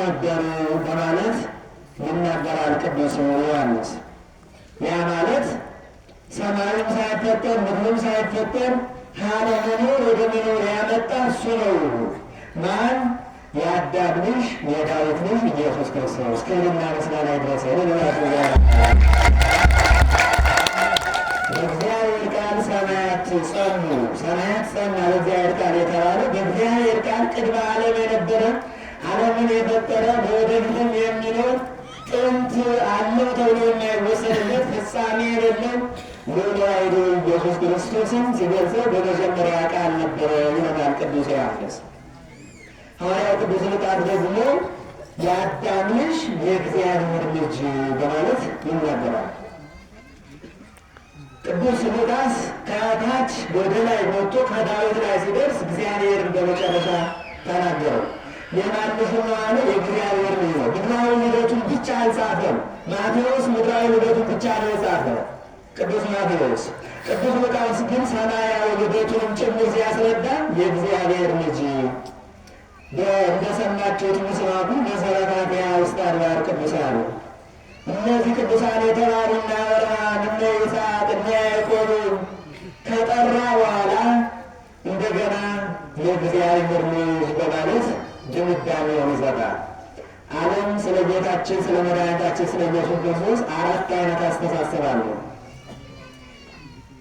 የሚናገሩ በማለት ይናገራል ቅዱስ ዮሐንስ። ያ ማለት ሰማዩም ሳይፈጠር ምድሩም ሳይፈጠር ሀለ መኖር ወደ መኖር ያመጣ እሱ ነው። ማን? የአዳም ልጅ የዳዊት ልጅ ኢየሱስ ክርስቶስ ክብርና ምስጋና ይድረሰው። በእግዚአብሔር ቃል ሰማያት ጸኑ፣ ሰማያት ጸና በእግዚአብሔር ቃል የተባለ በእግዚአብሔር ቃል ቅድመ ዓለም የነበረ ዓለምን የፈጠረ በወደፊትም የሚኖር ጥንት አለው ተብሎ የማይወሰድለት ፍጻሜ የሌለው ወዳይዶ ኢየሱስ ክርስቶስን ሲገልጸው በመጀመሪያ ቃል ነበረ ይሆናል ቅዱስ ዮሐንስ። ሐዋርያው ቅዱስ ሉቃስ ደግሞ የአዳም ልጅ የእግዚአብሔር ልጅ በማለት ይናገራል። ቅዱስ ሉቃስ ከታች ወደ ላይ ወጥቶ ከዳዊት ላይ ሲደርስ እግዚአብሔርን በመጨረሻ ተናገረው። የማንሹ ነዋነ የእግዚአብሔር ልጅ ነው። ምድራዊ ልደቱን ብቻ አልጻፈም። ማቴዎስ ምድራዊ ልደቱን ብቻ ነው የጻፈው ቅዱስ ማቴዎስ። ቅዱስ ሉቃስ ግን ሰማያዊ ልደቱንም ጭምር ሲያስረዳ የእግዚአብሔር ልጅ እንደሰማችሁት ምስራቱ መሰረታትያ ውስጥ አድባር ቅዱሳን እነዚህ ቅዱሳን የተባሉና እነ አብርሃም እነ ይስሐቅ እነ ያዕቆብ ከጠራ በኋላ እንደገና የእግዚአብሔር ልጅ በማለት ድምዳሜውን የሚዘራ ዓለም ስለ ጌታችን ስለ መድኃኒታችን ስለ ኢየሱስ ክርስቶስ አራት አይነት አስተሳሰባሉ።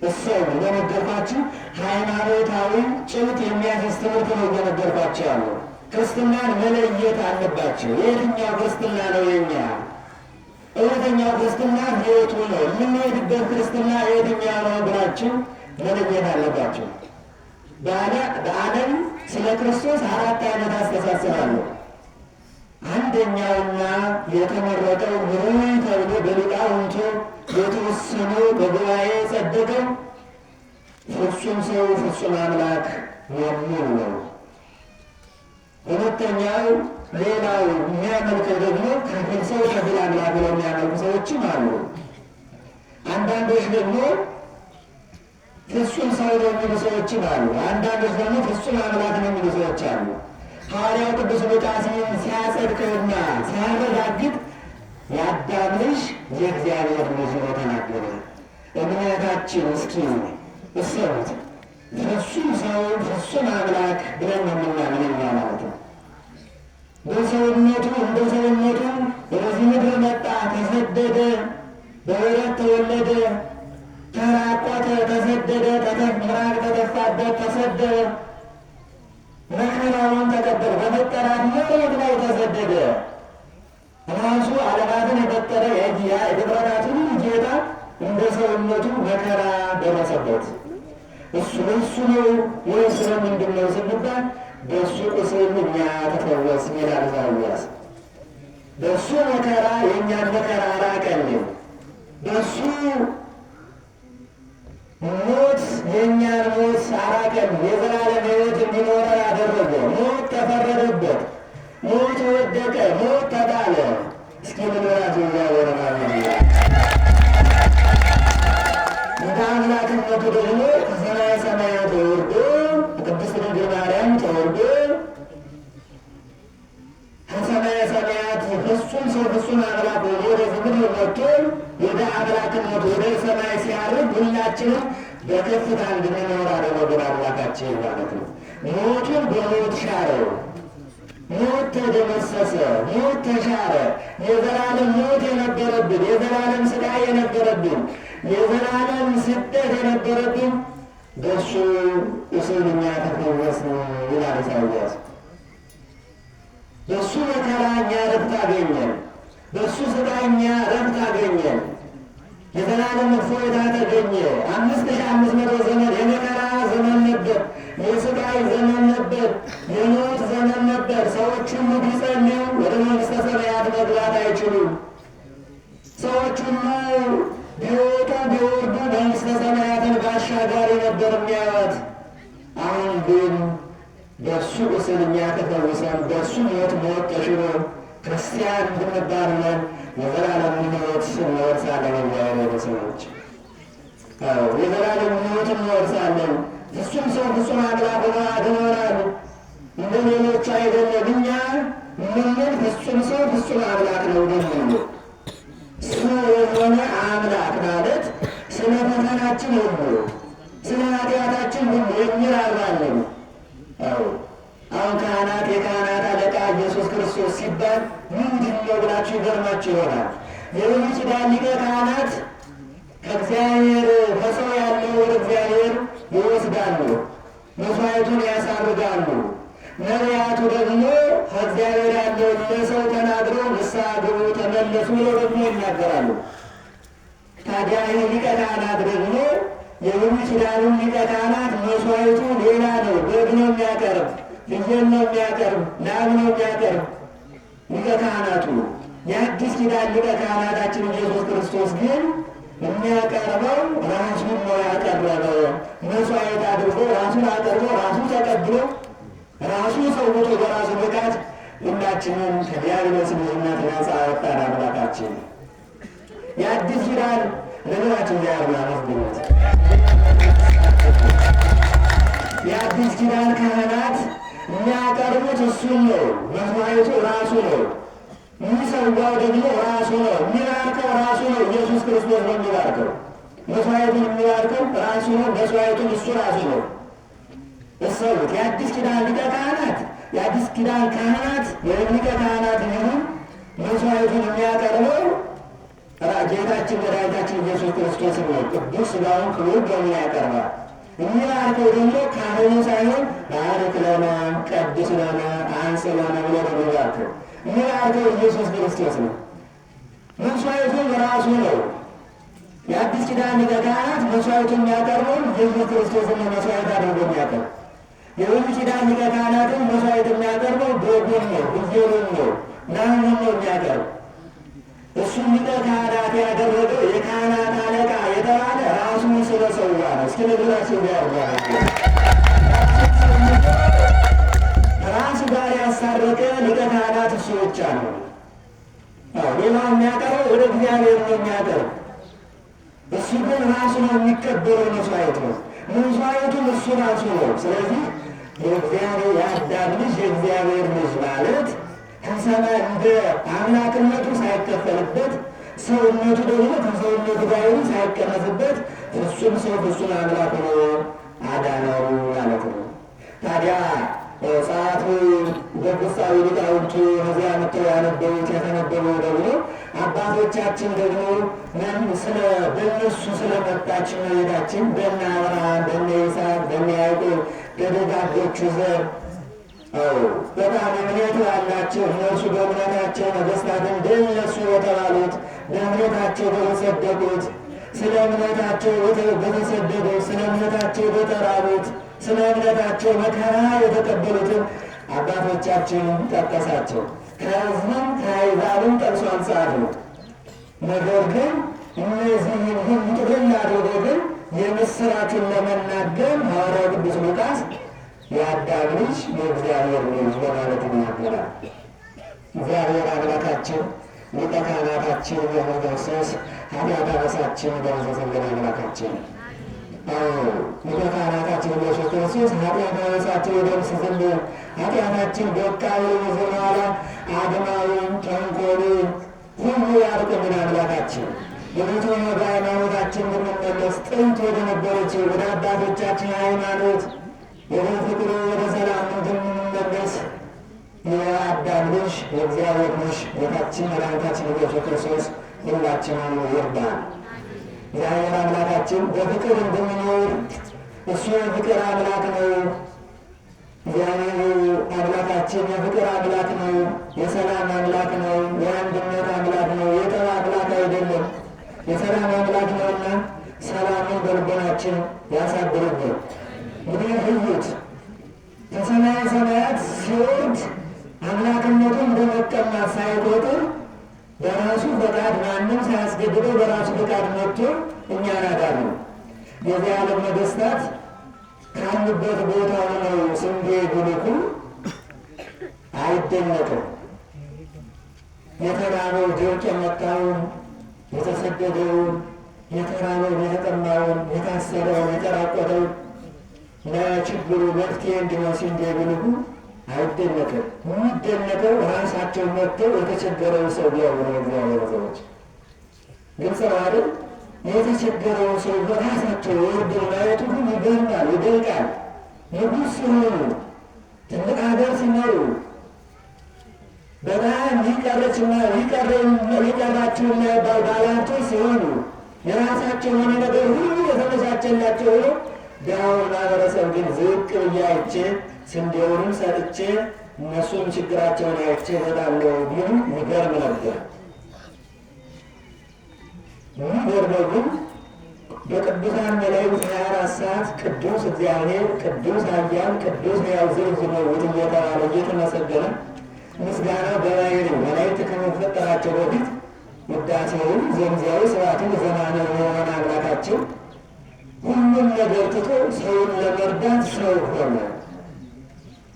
እሰው እንደነገርኳችሁ ሃይማኖታዊ ጭምት የሚያፈስ ትምህርት ነው እየነገርኳችሁ ያሉ። ክርስትናን መለየት አለባቸው። የትኛው ክርስትና ነው የኛ? እውነተኛው ክርስትና ህይወቱ ነው። የምንሄድበት ክርስትና የትኛው ነው ብላችሁ መለየት አለባቸው። በዓለም ስለ ክርስቶስ አራት አይነት አስተሳሰብ አለ። አንደኛውና የተመረጠው ምሩይ ተብሎ በሊቃውንቱ የተወሰኑ በጉባኤ ጸደቀው ፍጹም ሰው ፍጹም አምላክ የሚል ነው። ሁለተኛው ሌላው የሚያመልከው ደግሞ ከፍል ሰው ከፍል አምላክ ብለው የሚያመልኩ ሰዎችም አሉ። አንዳንዶች ደግሞ ፍጹም ሰው የሚሉ ሰዎችም አሉ። አንዳንዶች ደግሞ ፍጹም አምላክ የሚሉ ሰዎች አሉ። ሐዋርያው ቅዱስ ሉቃስ ሲያጸድቀውና ሲያረጋግጥ የአዳም ልጅ የእግዚአብሔር ልጅ ነው ተናገረ። እምነታችን እስኪ እሰሩት ፍጹም ሰው ፍጹም አምላክ ብለን የምናምንኛ ማለት ነው። በሰውነቱ እንደ ሰውነቱ ወደዚህ ምድር መጣ፣ ተሰደደ፣ በወረት ተወለደ በእሱ ነው ወይም ስለምንድን ነው ስንባል በእሱ ቁስል እኛ ተፈወስ ይላል ዛዊያስ። በእሱ መከራ የእኛን መከራ ራቀልን። በእሱ ሞት የእኛን ሞት አራቀን። የዘላለም ሕይወት እንዲኖረ አደረገ። ሞት ተፈረደበት፣ ሞት ወደቀ፣ ሞት ተጣለ። እስኪ ምንራቱ እያወረ ማለት ነው ተደመሰሰ፣ ሞት ተሻረ። የዘላለም ሞት የነበረብን፣ የዘላለም ስቃይ የነበረብን፣ የዘላለም ስደት የነበረብን በእሱ እሱን እኛ ተፈወስን ይላል ኢሳይያስ። በእሱ መከራ እኛ ረፍት አገኘን። በእሱ ስቃይ እኛ ረፍት አገኘን። የዘላለም እፎይታ ተገኘ። አምስት ሺህ አምስት መቶ ዘመን እንወርሳለን እግዚአብሔር ሰዎች የዘላለም ሕይወትን እንወርሳለን። እሱም ሰው ፍጹም አምላክ ሆኖ አድኖናል። እንደ ሌሎቹ አይደለም። እኛ ምንም ፍጹም ሰው ፍጹም አምላክ ነው ደለ ሰው የሆነ አምላክ ማለት ስለ ፈተናችን ሁሉ ስለ ኃጢአታችን ሁሉ የሚራራለን። አሁን ካህናት የካህናት አለቃ ኢየሱስ ክርስቶስ ሲባል ምንድን ነው ብላችሁ ይገርማችሁ ይሆናል። የደቡብ ሱዳን ሊቀ ካህናት ከእግዚአብሔር ከሰው ያለው ወደ እግዚአብሔር ይወስዳሉ፣ መስዋዕቱን ያሳርጋሉ። ነቢያቱ ደግሞ ከእግዚአብሔር ያለውን ለሰው ተናግረው ንስሐ ግቡ፣ ተመለሱ ብለው ደግሞ ይናገራሉ። ታዲያ ይህ ሊቀ ካህናት ደግሞ የደቡብ ሱዳኑን ሊቀ ካህናት መስዋዕቱ ሌላ ነው። በግ ነው የሚያቀርብ፣ ፍየል ነው የሚያቀርብ፣ ላም ነው የሚያቀርብ ሊቀ ካህናቱ የአዲስ ኪዳን ሊቀ ካህናታችን ኢየሱስ ክርስቶስ ግን የሚያቀርበው ራሱን ነው ያቀረበው። መስዋዕት አድርጎ ራሱን አቀርቦ ራሱ ተቀብሎ ራሱ ሰውቶ በራሱ ብቃት ሁላችንን ከዲያብሎስ ምዝነት ነጻ ወጣን። አምላካችን የአዲስ ኪዳን ለምናችን ዚያርናነት ግነት የአዲስ ኪዳን ካህናት የሚያቀርቡት እሱን ነው። መስዋዕቱ ራሱ ነው። የሚሰዋው ደግሞ ራሱ ነው፣ የሚባርከው ራሱ ነው። ኢየሱስ ክርስቶስ ነው የሚባርከው። መስዋዕቱን የሚባርከው ራሱ ነው። መስዋዕቱን እሱ ራሱ ነው። እሰቡት። የአዲስ ኪዳን ሊቀ ካህናት የአዲስ ኪዳን ካህናት ወይም ሊቀ ካህናት ሊሆን መስዋዕቱን የሚያቀርበው ጌታችን መድኃኒታችን ኢየሱስ ክርስቶስ ነው። ቅዱስ ስጋውን ክቡር ደሙን ያቀርባል። የሚባርከው ደግሞ ካህኑ ሳይሆን ባርክ ለነ፣ ቀድስ ለነ፣ አንጽ ለነ ብሎ ነው የሚባርከው የባህርተው ኢየሱስ ክርስቶስ ነው። መስዋዕቱ ራሱ ነው። የአዲስ ኪዳን ሊቀ ካህናት መስዋዕቱ የሚያቀርበው ኢየሱስ ክርስቶስን መስዋዕት አድርጎ የሚያቀርብ የብሉይ ኪዳን ሊቀ ካህናትን መስዋዕት የሚያቀርበው በጎን ነው፣ ፍየሉን ነው፣ ላሙን ነው የሚያቀርብ እሱም ሊቀ ካህናት ያደረገው የካህናት አለቃ የተባለ ራሱን ስለሰዋ ነው። እስኪ ነግራቸው ያርጓ ጋር ያሳረቀ ሊቀ ካህናት ሰዎች አሉ። ሌላው የሚያቀርበው ወደ እግዚአብሔር ነው የሚያቀርበው። እሱ ግን ራሱ ነው የሚቀበለው መስዋዕት ነው። መስዋዕቱም እሱ ራሱ ነው። ስለዚህ የእግዚአብሔር የአዳም ልጅ የእግዚአብሔር ልጅ ማለት ከሰማይ እንደ አምላክነቱ ሳይከፈልበት ሰውነቱ ደግሞ ከሰውነቱ ጋር ሳይቀመስበት ፍጹም ሰው ፍጹም አምላክ ነው አዳነው ማለት ነው ታዲያ ጸሐፊ የቁሳዊ ሊቃውንቱ ከዚያ መጥተው ያነበቡት የተነበቡ ደግሞ አባቶቻችን ደግሞ ምን ስለ በእነሱ ስለመጣች መሄዳችን በነ አብርሃም በነ ይስሐቅ በነ ያዕቆብ በደጋጎቹ ዘር በጣም እምነት ያላቸው እነርሱ በእምነታቸው ነገሥታትን እንደነሱ የተባሉት በእምነታቸው በተሰደቁት ስለ እምነታቸው በተሰደደው፣ ስለ እምነታቸው በተራቡት፣ ስለ እምነታቸው መከራ የተቀበሉትን አባቶቻችንን ጠቀሳቸው። ከሕዝብም ከአሕዛብም ጠቅሶ አንጻሩ ነገር ግን እነዚህን ሁሉ ጥቅል አድርጎ ግን የምስራችን ለመናገር ሐዋርያ ቅዱስ ሉቃስ የአዳም ልጅ የእግዚአብሔር ልጅ በማለት ይናገራል። እግዚአብሔር አምላካችን ሊቀ ካህናታችን የሆነሱስ ኃጢአታችን በረዘዘን አምላካችን ሊቀ ካህናታችን ኢየሱስ ክርስቶስ ኃጢአታችን የደምስዝል ኃጢአታችን በቃዊ ዝማላ አድማዊን ጠንኮልን ሁሉ ያርቅልን አምላካችን የቤቱ ወደ ሃይማኖታችን ብንመለስ ጥንት ወደ ነበረችው ወደ አባቶቻችን ሃይማኖት ወደ ፍቅሩ ወደ የእግዚአብሔር ልጅ ጌታችን መድኃኒታችን ኢየሱስ ክርስቶስ ሁላችንን ይርዳን። እግዚአብሔር አምላካችን በፍቅር እንድንኖር እሱ የፍቅር አምላክ ነው። እግዚአብሔር አምላካችን የፍቅር አምላክ ነው። የሰላም አምላክ ነው። የአንድነት አምላክ ነው። የጠብ አምላክ አይደለም። የሰላም አምላክ ነውና ሰላምን በልቦናችን ያሳድርብን። እንግዲህ ህይወት ከሰማየ ሰማያት ሲወርድ አምላክነቱን በመቀማት ሳይቆጥር በራሱ ፈቃድ ማንም ሳያስገድደው በራሱ ፈቃድ መጥቶ እኛ ናዳሉ የዚህ ዓለም ነገስታት ካሉበት ቦታ ሆነው ስንዴ ቢልኩ አይደነቅም። የተራበው ድርቅ የመጣውን የተሰደደውን የተራበው የተጠማውን የታሰረውን የተራቆተውን ለችግሩ መፍትሄ እንዲሆን ስንዴ ብልኩ አይደነቅም። የሚደነቀው ራሳቸው መጥተው የተቸገረውን ሰው ቢያዩ ነው። እግዚአብሔር ሰዎች ግልጽ አይደል? የተቸገረውን ሰው በራሳቸው ወርደው ማየቱ ግን ይገርማል፣ ይደንቃል። ንጉሥ ሲሆኑ ትልቅ ሀገር ሲኖሩ በጣም ሊቀረችና ሊቀራችሁ የማይባል ባለሀብቶች ሲሆኑ የራሳቸው የሆነ ነገር ሁሉ የተመቻቸላቸው ሆኖ ድሃውን ማህበረሰብ ግን ዝቅ ብዬ ስንዴውንም ሰጥቼ እነሱም ችግራቸውን አይቼ እሄዳለሁ ቢሉ ይገርም ነበር። የሚገርመው ግን በቅዱሳን መላእክት ሃያ አራት ሰዓት ቅዱስ እግዚአብሔር ቅዱስ ኃያል ቅዱስ ሕያው ዘኢይመውት እየተባለ እየተመሰገነ ምስጋና በባሕርይ መላእክት ከመፈጠራቸው በፊት ውዳሴውን ዘምዜያዊ ስብሐቱን ዘማነ የሆነ አምላካችን ሁሉም ነገር ትቶ ሰውን ለመርዳት ሰው ሆነ።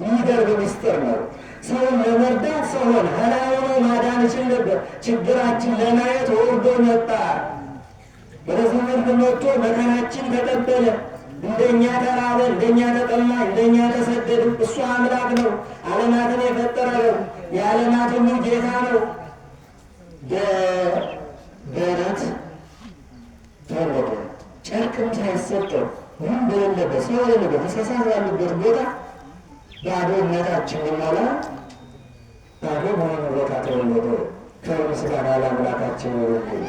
ይገርም ምስጢር ነው። ሰውን ለመርዳት ሰሆን ሀላዊ ማዳን ይችል ነበር። ችግራችን ለማየት ወርዶ መጣ። ወደ መልክ መጥቶ መከራችን ተቀበለ። እንደኛ ተራበ፣ እንደኛ ተጠማ፣ እንደኛ ተሰደድ። እሱ አምላክ ነው። ዓለማትን የፈጠረ ነው። የዓለማት ሁሉ ጌታ ነው። በበረት ተወለደ። ጨርቅም ሳይሰጠው ምን በሌለበት ሰው የለበት ተሳሳ ያሉበት ቦታ ባዶነታችን ሊሞላ ባዶ መሆኑ ቦታ ተወለደ። ክብር ምስጋና ለአምላካችን ይሁን።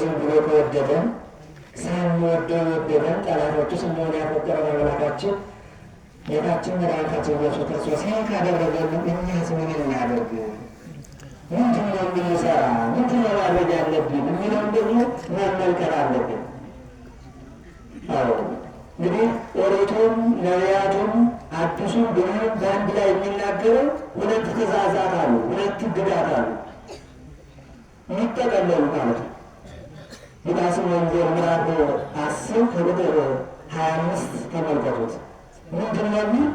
ዝም ብሎ ከወደደን ሳንወደው ወደደን ጠላቶቹ ስንሆን ያፈቀረን አምላካችን ጌታችን መድኃኒታችን ኢየሱስ ክርስቶስ ይህን ካደረገልን እኛስ ምን እናደርግ? ምንድን ነው የምንሰራ? ምንድን ነው ማድረግ ያለብን? የሚለውን ደግሞ መመልከት አለብን። ካህናቱም ነቢያቱም አዲሱ ብሉይም በአንድ ላይ የሚናገረው ሁለት ትእዛዛት አሉ፣ ሁለት ግዳት አሉ የሚጠቀለሉ ማለት ነው። የዳስም ወንጌል ምዕራፍ አስር ከቁጥር ሀያ አምስት ተመልከቱት። ምንድን ነው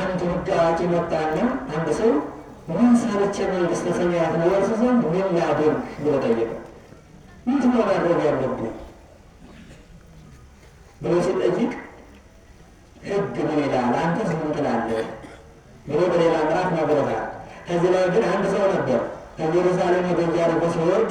አንድ ሕግ አዋቂ መጣና አንድ ሰው ምን ሰርቼ መንግሥተ ሰማያትን ወርስ ዘንድ ምን ላድርግ ብሎ ጠየቀ። ምንድን ነው ማድረግ ያለብህ ብሎ ሲጠይቅ ግን ይላል አንተ ዝም ትላለህ ብሎ በሌላ ምዕራፍ ነግሮታል። ከዚህ ላይ ግን አንድ ሰው ነበር ከኢየሩሳሌም ወደ ኢያሪኮ ሲወድ